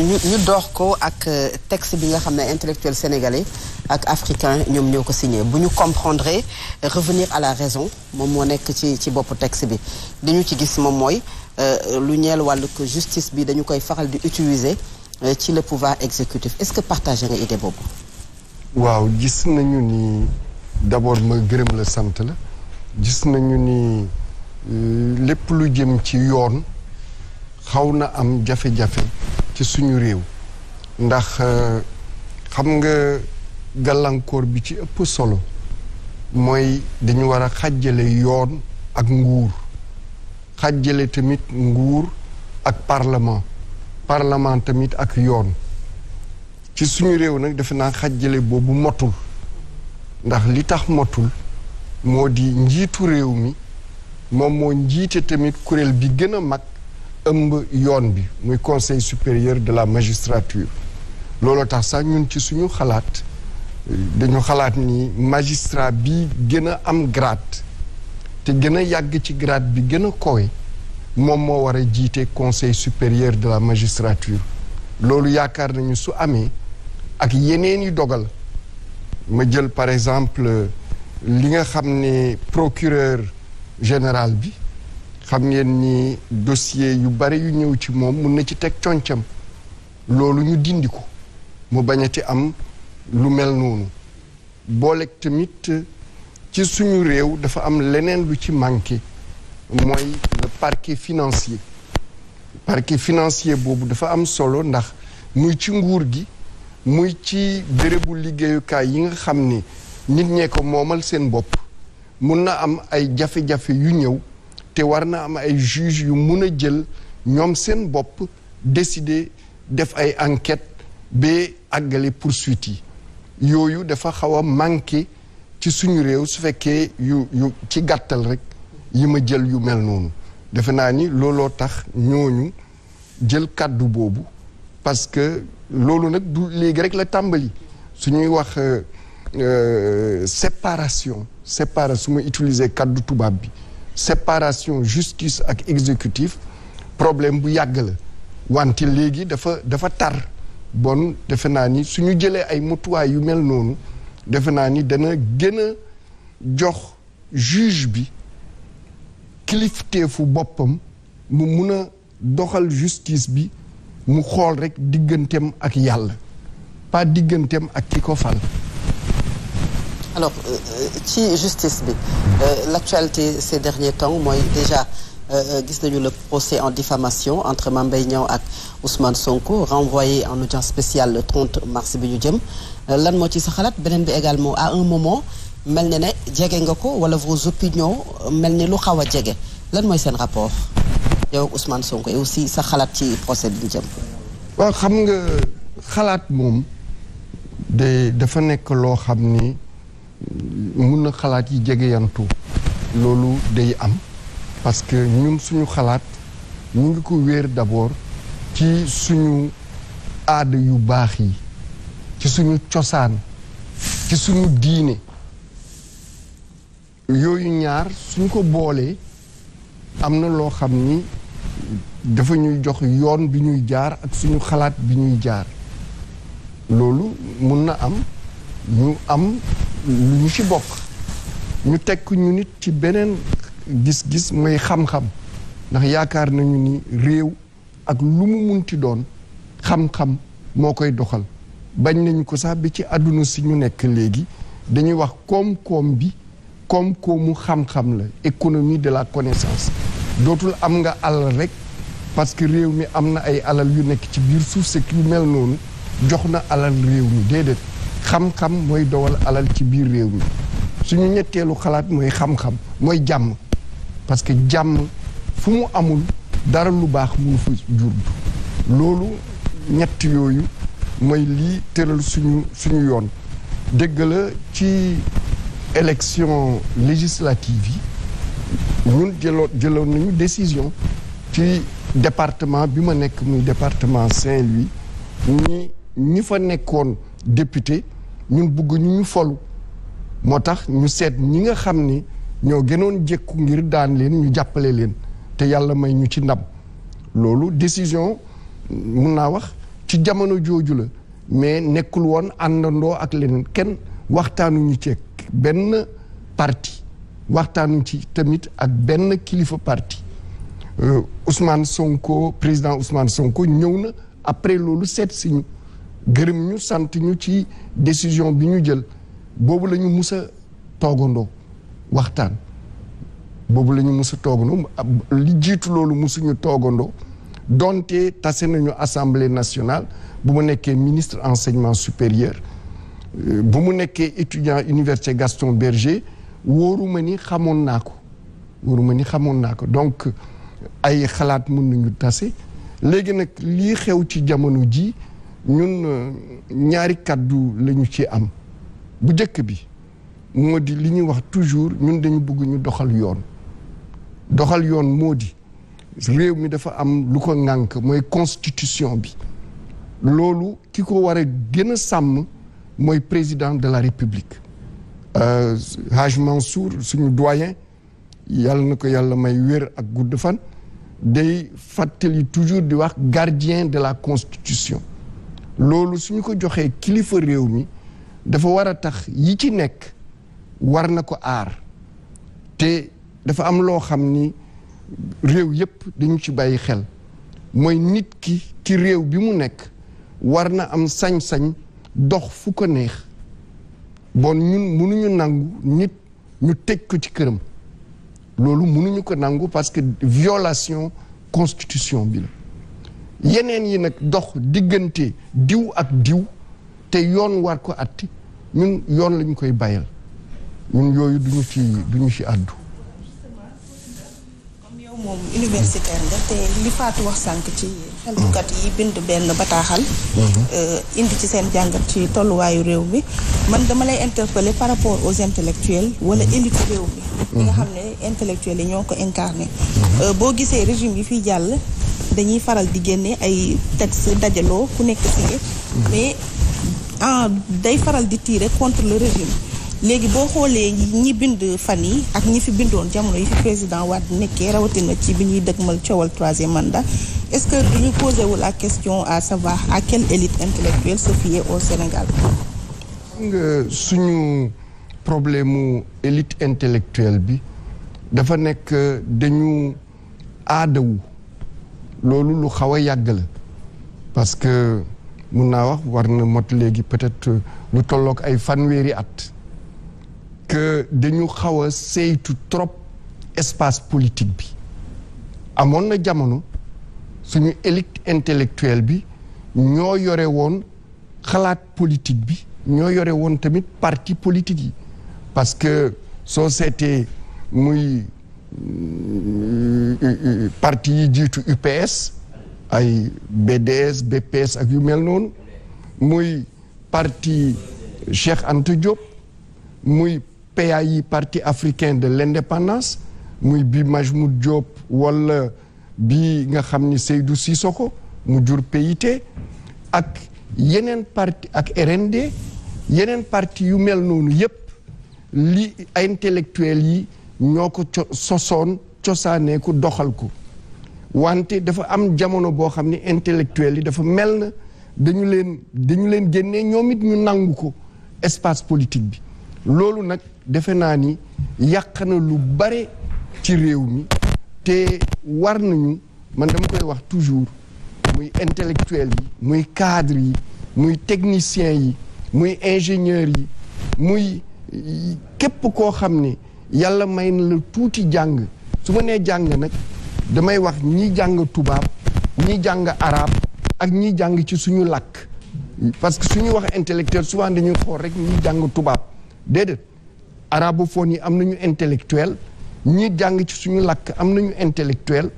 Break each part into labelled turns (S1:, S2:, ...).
S1: ñu ñu dox ko ak euh, texte bi nga xam ne intellectuel sénégalais ak africain ñoom ñoo ko signé bu ñu comprendre revenir à la raison moom moo nekk ci ci boppu texte bi li ñu ci gis moom mooy euh, lu ñeel wàllu que bi dañu koy faxal di utiliser euh, ci le pouvoir exécutif est-ce que partagé nga idée boobu waaw gis nañu ni d'abord ma gërëm la sant la gis nañu ni lépp lu jëm ci yoon xaw na am jafe-jafe ci suñu réew ndax euh, xam nga gàllankoor bi ci ëpp solo mooy dañu war a xàjjale yoon ak nguur xajjale tamit nguur ak parlement parlement tamit ak yoon ci suñu réew nag defe naa xàjjale boobu motul ndax li tax motul moo di njiitu réew mi moom moo njiite tamit kuréel bi gën a mag ëmb yoon bi muy conseil supérieur de la magistrature looloo tax sax ñun ci suñu xalaat dañu xalaat ni magistrat bi gën a am grade te gën a yàgg ci grade bi gën a kowe moom moo war a jiite conseil supérieur de la magistrature loolu yaakaar nañu su amee ak yeneen i dogal ma jël par exemple li nga xam ne procureur général bi xam ngeen ni dossier yu bare yu ñëw ci moom mun na ci teg concam loolu ñu dindi ko mu bañati am lu mel noonu booleek tamit ci suñu réew dafa am leneen lu ci manqué mooy le parquet financier parquet financier boobu dafa am solo ndax muy ci nguur gi muy ci bérébu liggéeyukaay yi nga xam ni nit ñee ko moomal seen bopp mun na am ay jafe-jafe yu ñëw te war na am ay juge yu mun a jël ñoom seen bopp décider def ay enquête ba àggale poursuite yi yooyu dafa xaw a manqué ci suñu réew su fekkee yu yu ci gàttal rek yi ma jël yu mel noonu defe naa ni looloo tax ñooñu jël kàddu boobu parce que loolu nag du léegi rek la tàmbali suñuy wax euh, euh, séparation séparation su ma utiliser kàddu tubaab bi séparation justice ak exécutif problème bu yàgg la wante léegi dafa dafa tar bon defe naa ni suñu jëlee ay motuwaay yu mel noonu defe naa ni dana gën a jox juge bi kilifteefu boppam mu mun a doxal justice bi mu xool rekk digganteem ak yàlla pas digganteem ak ki ko fal alors euh, euh, ci euh, justice bi euh, l'actualité ces derniers temps mooy déjà euh, gis nañu le procès en diffamation entre Mame Mbaye Niang ak Ousmane Sonko renvoyé en audience spéciale le 30 mars bi ñu jëm lan moo ci sa xalaat beneen bi également à un mel ne ne jege nga ko wala vos opinions mel ni lu xaw a jege lan mooy seen rapport yow Sonko et aussi sa xalaat ci procès bi ñu jëm waaw xam nga xalaat moom dafa nekk loo xam ni mun na xalaat yi jegeyantu loolu day am parce que ñun suñu xalaat ñu ngi ko wéer d'abord ci suñu aada yu baax yi ci suñu cosaan ci suñu diine yooyu ñaar suñ ko boolee am na loo xam ni dafa ñuy jox yoon bi ñuy jaar ak suñu xalaat bi ñuy jaar loolu mun na am ñu am ñu ci bokk ñu tekk ñu nit ci beneen gis-gis mooy xam-xam ndax yaakaar nañu ni réew ak lu mu munti doon xam-xam moo koy doxal bañ nañu ko sax bi ci àdduna si ñu nekk léegi dañuy wax koom-koom bi koom-koomu xam-xam la économie de la connaissance dootul am nga alal rek parce que réew mi am na ay alal yu nekk ci biir suuf si yu mel noonu jox na alal réew mi déedéet xam-xam mooy dowal alal ci biir réew mi suñu ñetteelu xalaat mooy xam-xam mooy jàmm parce que jàmm fu mu amul dara lu baax mënu fa jur loolu ñett yooyu mooy lii tëral suñu suñu yoon dégg la ci élection législative yi ñun jëloon jëloon nañu décision ci département bi ma nekk muy département Saint-Louis ñi ñi fa nekkoon député ñun bugg ñu ñu folu moo tax ñu seet ñi nga xam ni ñoo gënoon jëkku ngir daan leen ñu jàppale leen te yàlla may ñu ci ndam loolu décision mun naa wax ci jamono jooju la mais nekkul woon àndandoo ak leneen kenn waxtaanuñu ci benn parti waxtaanuñu ci tamit ak benn kilifa parti euh, Ousmane Sonko président Ousmane Sonko ñëw na après loolu seet si ñu gërëm ñu sant ñu ci décision bi ñu jël boobu lañu ñu mus toogandoo waxtaan boobu la ñu mus a toogandoo li jiitu loolu musuñu toogandoo donte tase nañu assemblée nationale bu mu nekkee ministre enseignement supérieur euh, bu mu nekkee étudiant université Gaston Berger wóoruma ni xamoon naa ko wóoruma ni xamoon naa ko donc ay xalaat mun nañu tase léegi nag lii xew ci jamono ji ñun euh, ñaari kàddu la ñu ci am bu njëkk bi moo di li ñuy wax toujours ñun dañu bëgg ñu doxal yoon doxal yoon moo di réew mi dafa am lu ko ŋànk mooy constitution bi loolu ki ko war a gën a sàmm mooy président de la république euh, Haj Mansour suñu doyen yàlla na ko yàlla may wér ak gudd fan day fàttali toujours di wax gardien de la constitution loolu su ñu ko joxee kilifa réew mi dafa war a tax yi ci nekk war na ko aar te dafa am loo xam ni réew yépp dañu ci bàyyi xel mooy nit ki ci réew bi mu nekk war na am sañ-sañ dox fu ko neex bon ñun mënuñu nangu nit ñu tëj ko ci këram loolu mënuñu ko nangu parce que violation constitution bi la yeneen yi nag dox diggante diw ak diw te yoon war ko atti ñun yoon lañ koy bayal yooyu duñu ci duñu ci àddu moom universitaire nga wax sànq ci xeltukat yi bind benn bataaxal euh, indi ci seen jàngat ci tolluwaayu réew mi man dama lay interpeller par rapport aux intellectuels wala élite réew mi nga mhm. xam ne intellectuels ñoo ko incarné euh, boo gisee régime yi fiy jàll dañuy faral di génne ay texte dajaloo ku nekk signé mais ah day faral di tiire contre le régime léegi boo xoolee ñi bind fan yi ak ñi fi bindoon jamono yi fi président Wade nekkee rawatina ci bi ñuy mal coowal troisième mandat est-ce que duñu posé wu la question à savoir à quelle élite intellectuelle se fier au Sénégal suñu problème mu élite intellectuelle bi dafa nekk dañu aadawu loolu lu xaw a yàgg la parce que mun naa wax war na mot léegi peut-être lu tolloog ay fanweeri at que dañu xaw a saytu trop espace politique bi amoon na jamono suñu élite intellectuelle bi ñoo yore woon xalaat politique bi ñoo yore woon tamit parti politique yi parce que soo seetee muy parti yi jiitu UPS ay BDS BPS ak yu mel noonu muy parti Cheikh Anta Diop muy PAI parti africain de l'indépendance muy bi Majmoud Diop wala bi nga xam ni Seydou Sissoko mu jur PIT ak yeneen parti ak RND yeneen parti yu mel noonu yépp li ay yi ñoo ko sosoon cosaanee ko doxal ko wante dafa am jamono boo xam ne intellectuel yi dafa mel na dañu leen dañu leen génnee ñoom it ñu nangu ko espace politique bi loolu nag defe naa ni yàq na lu bare ci réew mi te war nañu man dama koy wax toujours muy intellectuel yi muy cadre yi muy technicien yi muy ingénieur yi muy képp koo xam ne yàlla may na la tuuti jàng su ma nee jàng nag damay wax ñi jàng tubaab ñi jàng arab ak ñi jàng ci suñu làkk parce que suñuy wax intellectuel souvent dañuy xool rek ñi jàng tubaab déedéet arabophone yi am nañu intellectuel ñi jàng ci suñu làkk am nañu intellectuel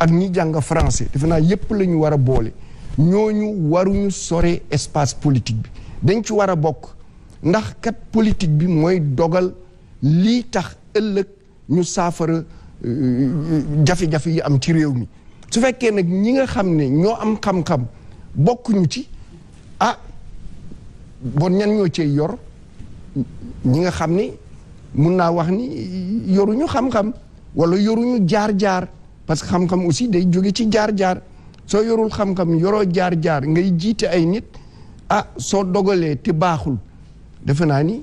S1: ak ñi jàng français defe naa yépp la ñu war a boole ñooñu waruñu sore espace politique bi dañ ci war a bokk ndax kat politique bi mooy dogal lii tax ëllëg ñu saafara euh, jafe-jafe yi am ci réew mi su fekkee nag ñi nga xam ne ñoo am xam-xam bokkuñu ci a ah, bon ñan ñoo cee yor ñi nga xam ni mun naa wax ni yoruñu xam-xam wala yoruñu jaar-jaar parce que xam-xam aussi day jóge ci jaar-jaar soo yorul xam-xam yoroo jaar-jaar ngay jiite ay nit ah soo dogalee te baaxul defe naa ni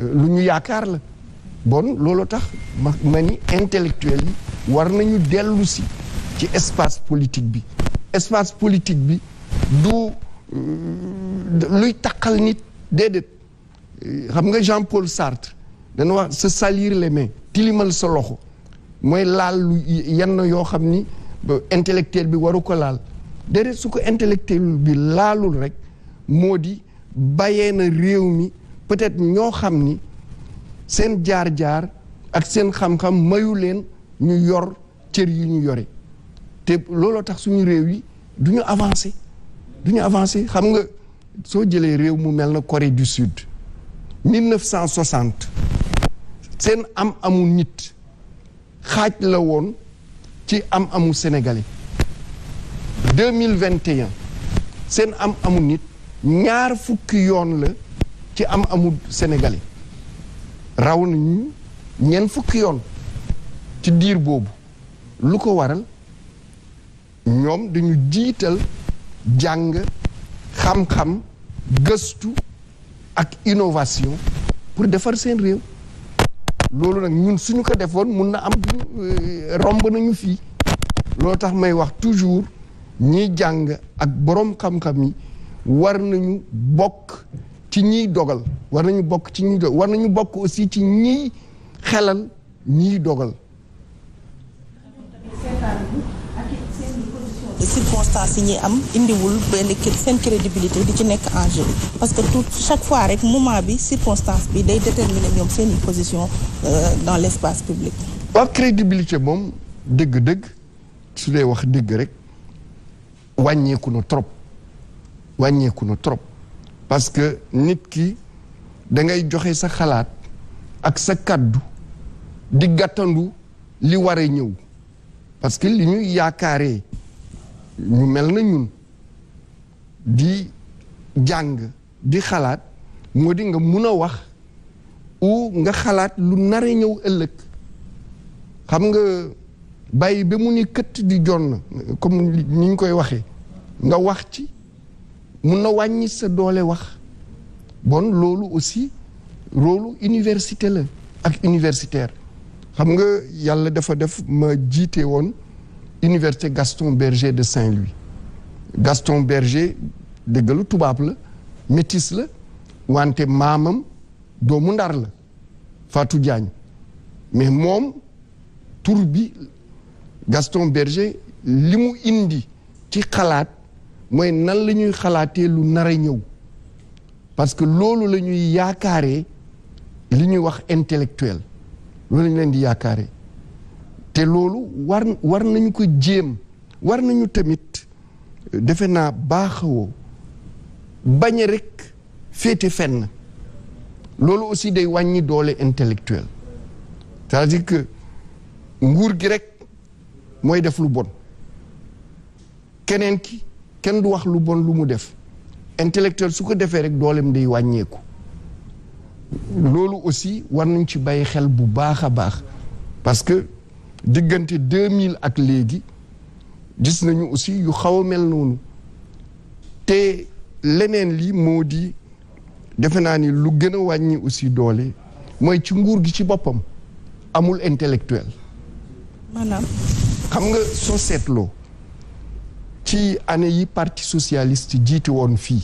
S1: euh, lu ñu yaakaar la bon loolu tax ma ma ni intellectuel yi war nañu dellusi ci espace politique bi espace politique bi du euh, luy taqal nit déedéet euh, xam nga Jean-Paul Sartre dana wax se salir les mains tilimal sa loxo mooy laal yenn yoo xam ni intellectuel bi waru ko laal déedéet su ko intellectuel bi laalul rek moo di bàyyee na réew mi peut-être ñoo xam ni seen jaar-jaar ak seen xamxam mayu leen ñu yor cër yi ñu yore te looloo tax suñu réew yi du ñu avancé du ñu avancé xam nga soo jëlee réew mu mel na Corée du Sud 1960 seen am amu nit xaaj la woon ci am amu sénégalais 2021 seen am amu nit ñaar fukki yoon la ci am amu sénégalais raw nañu ñeent fukki yoon ci diir boobu lu ko waral ñoom dañu jiital jàng xam-xam gëstu ak innovation pour defar seen réew loolu nag ñun suñu ko defoon mun na am euh, romb nañu fii loolu tax may wax toujours ñiy jàng ak boroom xam-xam yi war nañu bokk ci ñiy dogal war nañu bokk ci ñiy war nañu bokk aussi ci ñiy xelal ñiy dogal. circonstances yi ñuy am indiwul benn seen crédibilité di ci nekk en parce que tout chaque fois rek moment bi circonstance bi day déterminer ñoom seen position euh, dans l' espace public. waaw crédibilité moom dëgg-dëgg su dee wax dëgg rek wàññeeku na trop wàññeeku na trop. parce que nit ki da ngay joxe sa xalaat ak sa kàddu di gàttandu li ware a ñëw parce que li ñuy yaakaaree ñu mel na ñun di jàng di xalaat moo di nga mun a wax ou nga xalaat lu nare ñëw ëllëg xam nga bàyyi ba mu ni këtt di jonn comme ni ñu koy waxee nga wax ci mun na wàññi sa doole wax bon loolu aussi rôlu université la ak universitaire xam nga yàlla dafa def ma jiite woon université Gaston Berger de Saint-Louis Gaston Berger dëgg la tubaab la métis la wante maamam doomu ndar la faatu Diagne mais moom tur bi Gaston Berger li mu indi ci xalaat mooy nan la ñuy xalaatee lu nar a ñëw parce que loolu la ñuy yaakaaree li ñuy wax intellectuel loolu lañ leen di yaakaaree te loolu war war nañu ko jéem war nañu tamit defe naa baaxawoo bañ rekk rek féete fenn loolu aussi day wàññi doole intellectuel c'est-à-dire que nguur gi rek mooy def lu bon keneen ki kenn du wax lu bon lu mu def intellectuel su ko defee rek dooleem day wàññeeku loolu aussi war nañ ci bàyyi xel bu baax a baax parce que diggante 2000 ak léegi gis nañu aussi yu xaw a mel noonu te leneen li moo di defe naa ni lu gën a wàññi aussi doole mooy ci nguur gi ci boppam amul intellectuel maanaam xam nga soo seetloo ci année yi parti socialiste jiiti woon fii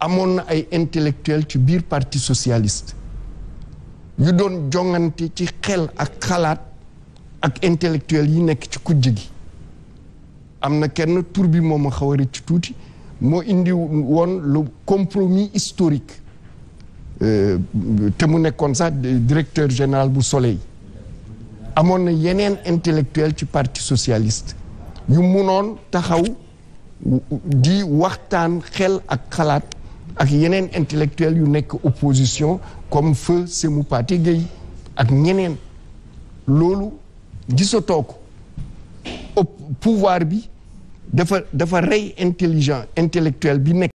S1: amoon na ay intellectuel ci biir parti socialiste yu doon jongante ci xel ak xalaat ak intellectuel yi nekk ci kujje gi am na kenn tur bi moom a xaw a rëcc tuuti moo indi woon le compromis historique euh, te mu nekkoon sax directeur général bu Soleil amoon na yeneen intellectuel ci parti socialist ñu munoon taxaw di waxtaan xel ak xalaat ak yeneen intellectuel yu nekk opposition comme feu semu Pathé Guèye ak ñeneen loolu gisatoo ko pouvoir bi dafa dafa rey intelligent intellectuel bi nekk